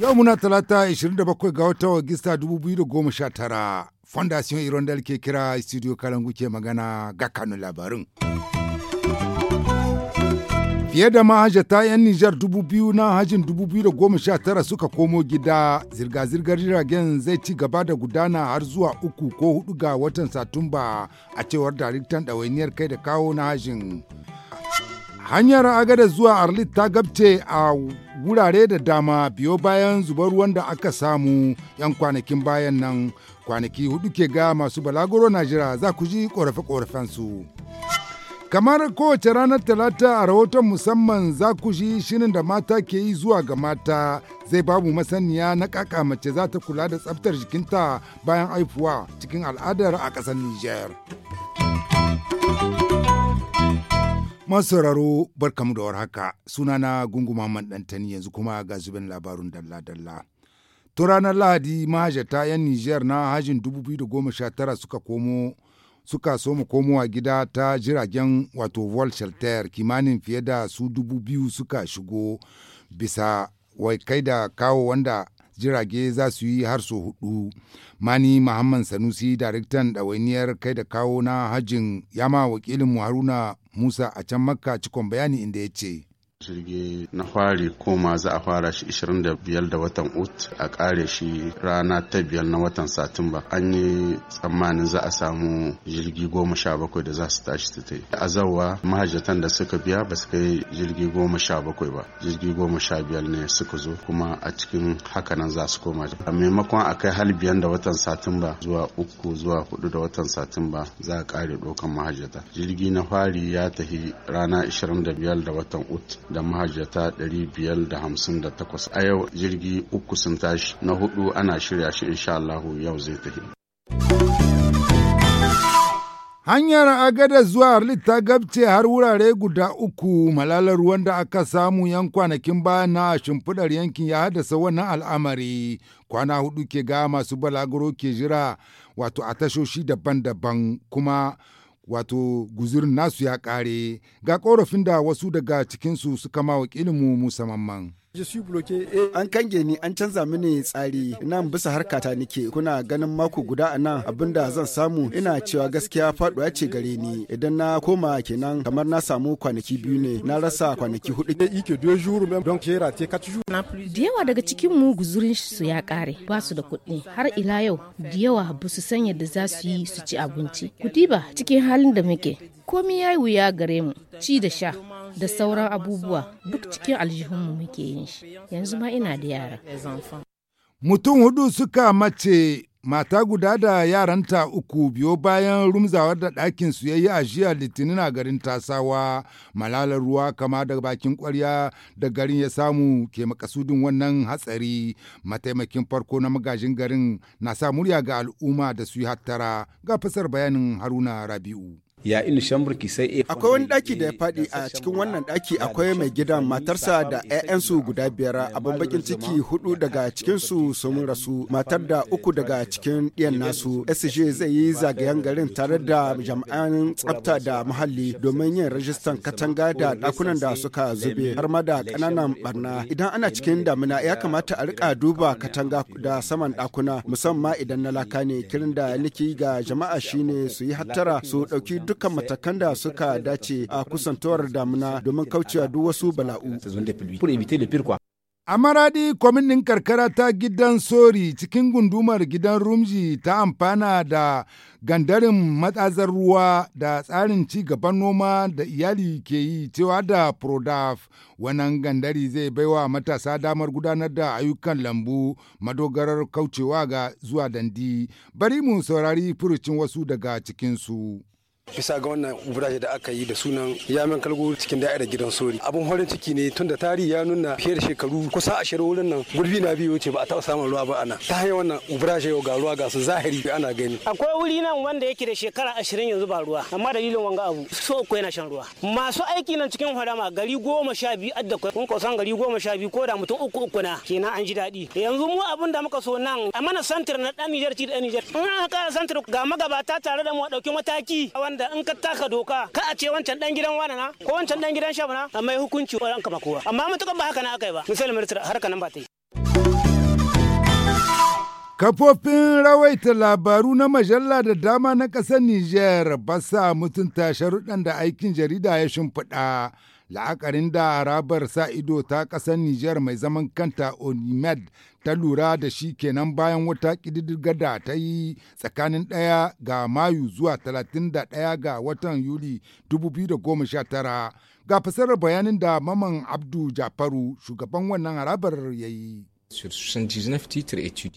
Yau muna talata 27 ga watan agusta 2019. Fondation Irondel ke kira studio Kalangu ke magana ga kanun labarin. Fiye da mahajata 'yan Nijar dubu biyu na hajin dubu biyu da goma sha tara suka komo gida zirga-zirgar jiragen zai ci gaba da gudana har zuwa uku ko hudu ga watan Satumba a cewar daritan ɗawainiyar kai da kawo na hajin. Hanyar agada zuwa Arlit ta gabce a wurare da dama biyo bayan zubar ruwan da aka samu 'yan kwanakin bayan nan kwanaki hudu ke ga masu balagoro Najira za ku ji korafe korafensu su. Kamar kowace ranar Talata a rahoton musamman za ku shi shirin da mata ke yi zuwa ga mata zai babu masaniya na kaka mace za ta kula da tsaftar jikinta bayan haifuwa cikin al'adar a ƙasar Nijar. Masu sauraro barkamu da warhaka sunana gungu ɗantani yanzu kuma ga zubin labarun dalla-dalla. To ranar Lahadi mahajata 'yan Nijar na hajin 2019 suka komo suka so mu komowa gida ta jiragen wato world kimanin fiye da su dubu biyu suka shigo bisa wai kai da kawo wanda jirage za su yi har so hudu mani muhammad sanusi daraktan ɗawainiyar kai da kawo na hajjin yama wakilin mu haruna musa a can makka cikon bayani inda ya ce jirgi na fari koma za a fara shi 25 da watan ut a kare shi rana ta biyar na watan satumba an yi tsammanin za a samu jirgi goma sha bakwai da za su tashi su ta yi a zawa mahajjatan da suka biya ba su kai jirgi goma sha bakwai ba jirgi goma sha biyar ne suka zo kuma a cikin hakanan za su koma a maimakon a kai hal biyan da watan satumba zuwa uku zuwa hudu da watan satumba za a kare dokan mahajjata jirgi na fari ya tafi rana 25 da watan ut da mahajjata 558 a yau jirgi uku sun tashi na hudu ana shirya shi insha yau zai tafi. Hanyar agada zuwa Arlit ta gabce har wurare guda uku malalar ruwan da aka samu yan kwanakin bayan na shimfiɗar yankin ya haddasa wannan al'amari kwana hudu ke ga masu balaguro ke jira wato a tashoshi daban-daban kuma wato guzurin nasu ya ƙare ga ƙorafin da wasu daga cikinsu suka ma wakilinmu musamman. Eh, an kange ni an canza mini tsari nan bisa harkata nike kuna ganin mako guda a nan abinda zan samu ina cewa gaskiya faduwa ce gare ni idan na koma kenan kamar na samu kwanaki biyu ne na rasa kwanaki hudu. Da yawa daga cikin mu guzurin su ya kare ba su da kuɗi har ila yau da yawa ba su san yadda za su yi su ci abinci. Kudi ba cikin halin da muke komi ya yi wuya gare mu ci da sha da sauran abubuwa duk cikin aljihunmu muke yin shi yanzu ma ina da yara mutum hudu suka mace mata guda da yaranta uku biyo bayan rumzawar da ɗakin su yayi a jiya litinin a garin tasawa malalar ruwa kama da bakin kwarya da garin ya samu ke makasudin wannan hatsari mataimakin farko na magajin garin na sa murya ga al'umma da su yi hattara ga fasar bayanin haruna rabi'u ya inu shamburki sai akwai wani daki da ya faɗi a cikin wannan daki akwai mai gidan matarsa da 'ya'yansu guda biyar abin bakin ciki hudu daga su sun rasu matar da uku daga cikin ɗiyan nasu sj zai yi zagayen garin tare da jami'an tsafta da muhalli domin yin rajistan katanga da dakunan da suka zube har ma da kananan barna idan ana cikin damina ya kamata a rika duba katanga da saman dakuna musamman idan na laka ne kirin da liki ga jama'a shine su yi hattara su ɗauki dukkan matakan da suka dace a kusantowar damuna domin kaucewa duk wasu bala'u. A maradi kwamitin karkara ta gidan Sori cikin gundumar gidan Rumji ta amfana da gandarin matsazar ruwa da tsarin ci gaban noma da iyali ke yi cewa da Prodaf. Wannan gandari zai baiwa matasa damar gudanar da ayyukan lambu madogarar kaucewa ga zuwa dandi. Bari mu saurari furucin wasu daga cikinsu. bisa ga wannan burashi da aka yi da sunan yamen kalgo cikin da'irar gidan sori abun horin ciki ne tun da tarihi ya nuna fiye da shekaru kusa shirin wurin nan gurbi na biyu ce ba a taɓa samun ruwa ba ana ta hanyar wannan burashi yau ga ruwa ga su zahiri ana gani akwai wuri nan wanda yake da shekara ashirin yanzu ba ruwa amma dalilin wanga abu so uku yana shan ruwa masu aiki nan cikin harama gari goma sha biyu adda kwai kun kusan gari goma sha biyu ko da mutum uku uku na kenan an ji daɗi yanzu mu abin da muka so nan a mana santir na ɗan Nijar ci da ɗan Nijar in aka santir ga magabata tare da mu a ɗauki mataki wanda da in ka taka doka ka a ce wancan dan gidan wani na ko wancan dan gidan shabu na mai hukunci wa ranka kowa amma mutukan ba haka na aka yi ba misali ministar harka nan ba ta yi Kafofin rawaita labaru na majalla da dama na ƙasar niger ba sa mutunta sharuɗan da aikin jarida ya shimfiɗa la'akarin da harabar sa ido ta ƙasar Nijar mai zaman kanta Onimed ta lura da shi kenan bayan wata ƙididdigar da ta yi tsakanin ɗaya ga Mayu zuwa talatin da ɗaya ga watan Yuli 2019 ga fasarar bayanin da Maman Abdu Jafaru shugaban wannan harabar ya yi.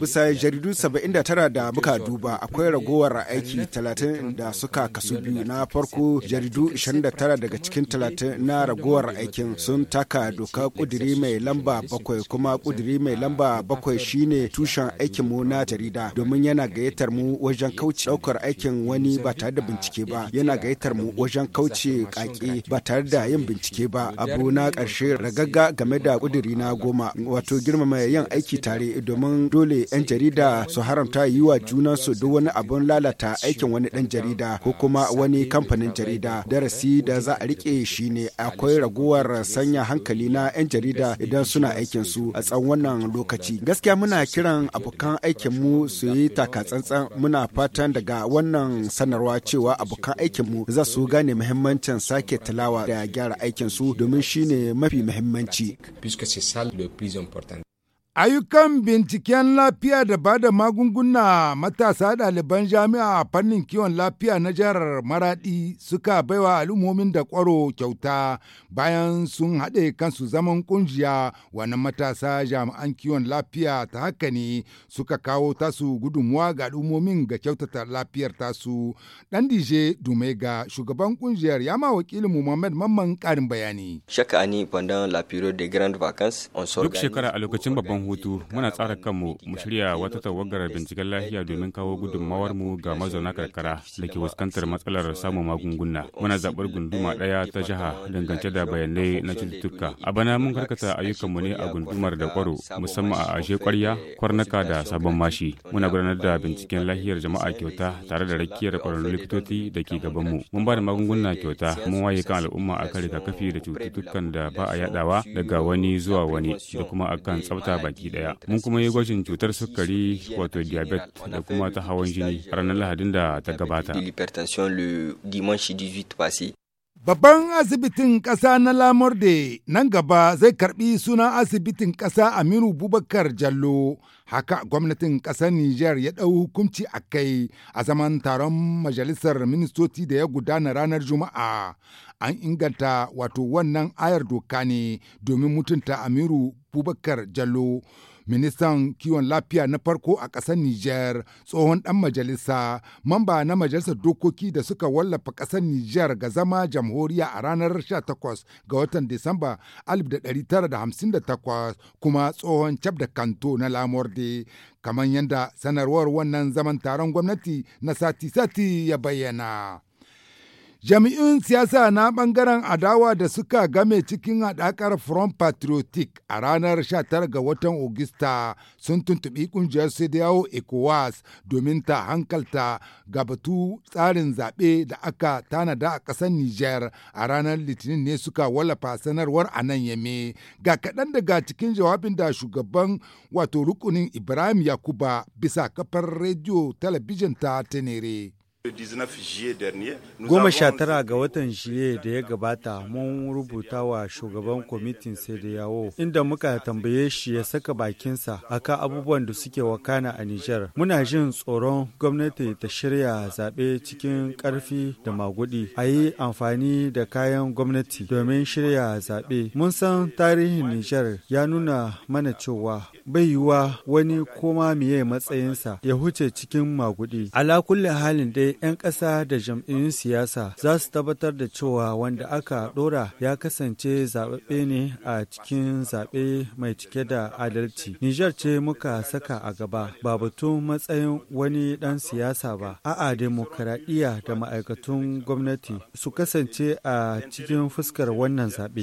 Bisa jaridu 79 da muka duba akwai ragowar aiki 30 da suka kasu biyu na farko jaridu 29 daga cikin 30 na ragowar aikin sun taka doka kudiri mai lamba bakwai kuma kudiri mai lamba bakwai shine tushen aikin mu na jarida domin yana gayyatar mu wajen kauce daukar aikin wani ba tare da bincike ba yana gayyatar mu wajen kauce kaki ba tare da yin bincike ba abu na karshe ragagga game da kudiri na goma wato girmama yin yin aiki tare domin dole 'yan jarida su haramta yi wa junansu duk wani abin lalata aikin wani ɗan jarida ko kuma wani kamfanin jarida. Darasi da za a riƙe shi ne akwai raguwar sanya hankali na 'yan jarida idan suna su a tsawon wannan lokaci. Gaskiya muna kiran abokan mu su yi takatsantsan muna fatan daga wannan sanarwa cewa abokan aikinmu za su gane muhimmancin sake talawa da gyara aikin su domin shine mafi muhimmanci. Puisque c'est ça le plus important. Ayyukan binciken lafiya da ba da magunguna matasa ɗaliban jami'a a fannin kiwon lafiya na jihar Maraɗi suka baiwa al'ummomin da kwaro kyauta bayan sun haɗe kansu zaman ƙungiya wani matasa jami'an kiwon lafiya ta haka ne suka kawo tasu gudunmuwa ga al'ummomin ga kyautata lafiyar tasu. Ɗan dije Dumega shugaban ƙungiyar ya ma wakilin Muhammad Mamman ƙarin bayani. Shakka ani pendant la de grand vacances on Duk shekara a lokacin babban hutu muna tsara kanmu mu shirya wata tawagar binciken lafiya domin kawo gudummawar mu ga mazauna karkara da ke fuskantar matsalar samun magunguna muna zaɓar gunduma ɗaya ta jiha dangance da bayanai na cututtuka a bana mun karkata ayyukanmu ne a gundumar da kwaro musamman a ashe kwarya kwarnaka da sabon mashi muna gudanar da binciken lafiyar jama'a kyauta tare da rakiyar kwararrun likitoci da ke gabanmu mun ba da magunguna kyauta mun waye kan al'umma akan rigakafi da cututtukan da ba a yadawa daga wani zuwa wani da kuma akan tsafta baki baki daya mun kuma yi gwajin cutar sukari wato diabet da kuma ta hawan jini ranar lahadin da ta gabata Babban asibitin ƙasa na Lamorde nan gaba zai karbi sunan asibitin ƙasa Aminu Bubakar Jallo. Haka gwamnatin ƙasar Nijar ya ɗau hukunci a kai a zaman taron majalisar ministoci da ya gudana ranar Juma'a. An inganta wato wannan ayar doka ne domin mutunta Aminu Bubakar Jallo. ministan kiwon lafiya na farko a ƙasar Nijar, tsohon ɗan majalisa, mamba na majalisar dokoki da suka wallafa ƙasar Nijar ga zama jamhuriya a ranar 18 ga watan Disamba 1958 kuma tsohon cabda kanto na Lamorde, kamar yadda sanarwar wannan zaman taron gwamnati na sati-sati ya bayyana. Jami'in siyasa na ɓangaren adawa da suka game cikin haɗakar Front Patriotic a ranar 19 ga watan Ogista sun tuntubi ƙungiyar CDAO ECOWAS domin ta hankalta ga batu tsarin zaɓe da aka tanada a ƙasar niger a ranar Litinin ne suka wallafa sanarwar a nan yame. Ga kaɗan daga cikin jawabin da shugaban wato rukunin Ibrahim Yakuba bisa kafar rediyo talabijin ta Tenere. Goma sha tara ga watan jiye da ya gabata mun rubuta wa shugaban kwamitin yawo inda muka tambaye shi ya saka bakinsa akan abubuwan da suke wakana a Nijar. Muna jin tsoron gwamnati ta shirya zaɓe cikin ƙarfi da magudi a yi amfani da kayan gwamnati domin shirya zaɓe. Mun san tarihin Nijar ya nuna mana cewa bai yiwa wani koma miye matsayinsa ya huce cikin magudi. Ala halin dai 'yan ƙasa da jam'iyyun siyasa za su tabbatar da cewa wanda aka ɗora ya kasance zaɓaɓɓe ne a cikin zaɓe mai cike da adalci. Nijar ce muka saka a gaba ba batun matsayin wani ɗan siyasa ba, a'a demokaraɗiyya da ma'aikatun gwamnati su kasance a cikin fuskar wannan zaɓe.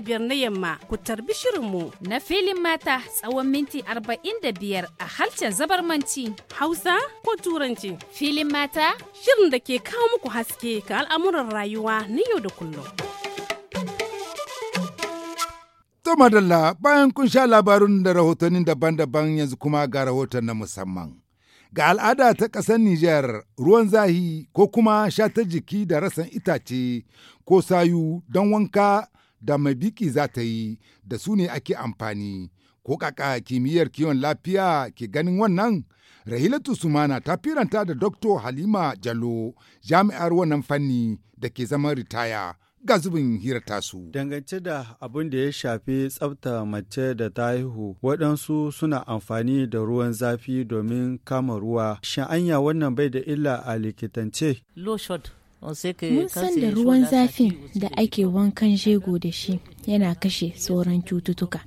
biyar na yamma ku tarbi shirinmu. Na filin mata tsawon minti arba'in da biyar a harshen zabarmanci. Hausa ko Turanci. Filin mata. Shirin da ke kawo muku haske ga al'amuran rayuwa na yau da kullum. To madalla bayan kun sha labarun da rahotannin daban-daban yanzu kuma ga rahoton na musamman. Ga al'ada ta ƙasar Nijar ruwan zahi ko kuma sha ta jiki da rasan itace ko sayu don wanka da mai biki za ta yi da su ne ake amfani ko kaka kimiyyar kiwon lafiya ke ganin wannan rahilatu sumana ta firanta da dr halima jalo jami'ar wannan fanni da ke zaman ritaya ga zubin hirar su. Dangance da abin da ya shafi tsafta mace da ta haihu, waɗansu suna amfani da ruwan zafi domin kama ruwa. Shin anya wannan bai da illa a likitance? Mun san da ruwan zafin da ake wankan jego da shi yana kashe sauran cututtuka.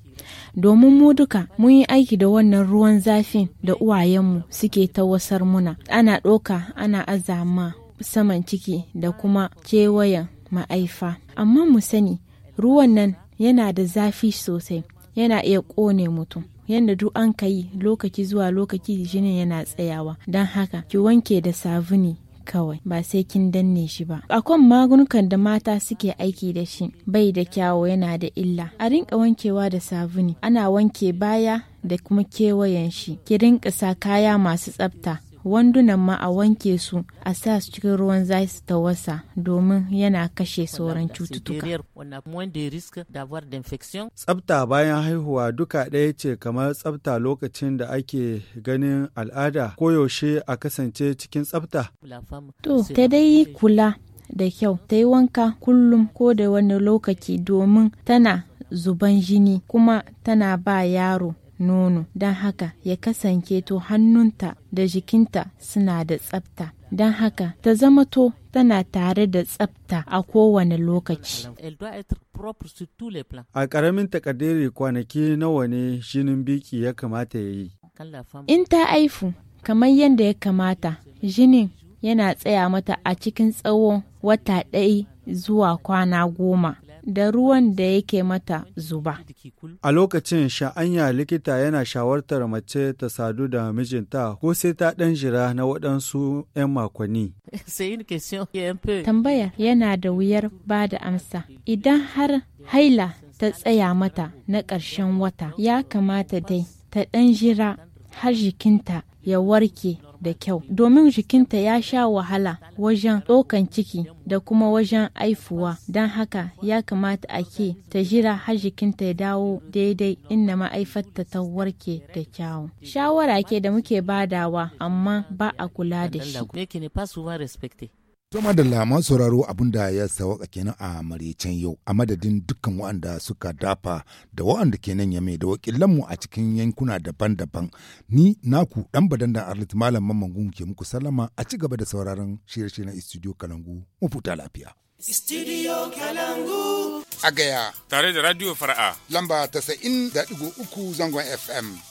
Domin mu duka mun yi aiki da wannan ruwan zafin da uwayenmu suke ta wasar muna. Ana ɗoka ana azama saman ciki da kuma kewayen ma'aifa. Amma mu sani ruwan nan yana da zafi sosai yana iya ƙone mutum. yadda duk an ka yi lokaci zuwa lokaci jinin yana tsayawa don haka ki wanke da sabuni kawai ba sai kin danne shi ba akwai magunukan da mata suke aiki da shi bai da kyawo yana da illa a rinka wankewa da sabuni ana wanke baya da kuma kewayen shi ki rinka sa kaya masu tsafta wandunan ma a wanke su a sa su cikin ruwan za su ta wasa, domin yana kashe sauran cututtuka. Tsafta bayan haihuwa duka ɗaya ce kamar tsafta lokacin da ake ganin al'ada koyaushe a kasance cikin tsafta. To, ta dai kula da kyau, ta yi wanka kullum ko da wani lokaci domin tana zuban jini kuma tana ba yaro nono don haka ya kasance to hannunta da jikinta suna da tsafta don haka ta zama to tana tare da tsafta a kowane lokaci. A ƙaramin takardere kwanaki nawa ne shinin biki ya kamata ya yi? In ta aifu, kamar yadda ya kamata, jinin yana tsaya mata a cikin tsawon wata ɗaya zuwa kwana goma. da ruwan da yake mata zuba. A lokacin sha'anya likita yana shawartar mace ta sadu da mijinta ko sai ta ɗan jira na waɗansu 'yan makonni. Tambaya yana da wuyar ba da amsa. Idan har haila ta tsaya mata na ƙarshen wata, ya kamata dai ta ɗan jira har jikinta ya warke da kyau domin jikinta ya sha wahala wajen ɗaukan ciki da kuma wajen aifuwa don haka ya kamata a ke ta jira har jikinta ya dawo daidai inda ma'aifarta ta warke da kyawu shawara ke da muke badawa amma ba a kula da shi To da masu sauraro abin da ya sawaka kenan a maraicen yau a madadin dukkan waɗanda suka dafa da waɗanda kenan ya mai da wakilanmu a cikin yankuna daban-daban. Ni naku ɗan badan da Arlit Malam Mamman ke muku sallama a ci gaba da sauraron shirye-shiryen Studio Kalangu mu futa lafiya. Studio Kalangu. A gaya. Tare da Radio Fara'a. Lamba uku zangon FM.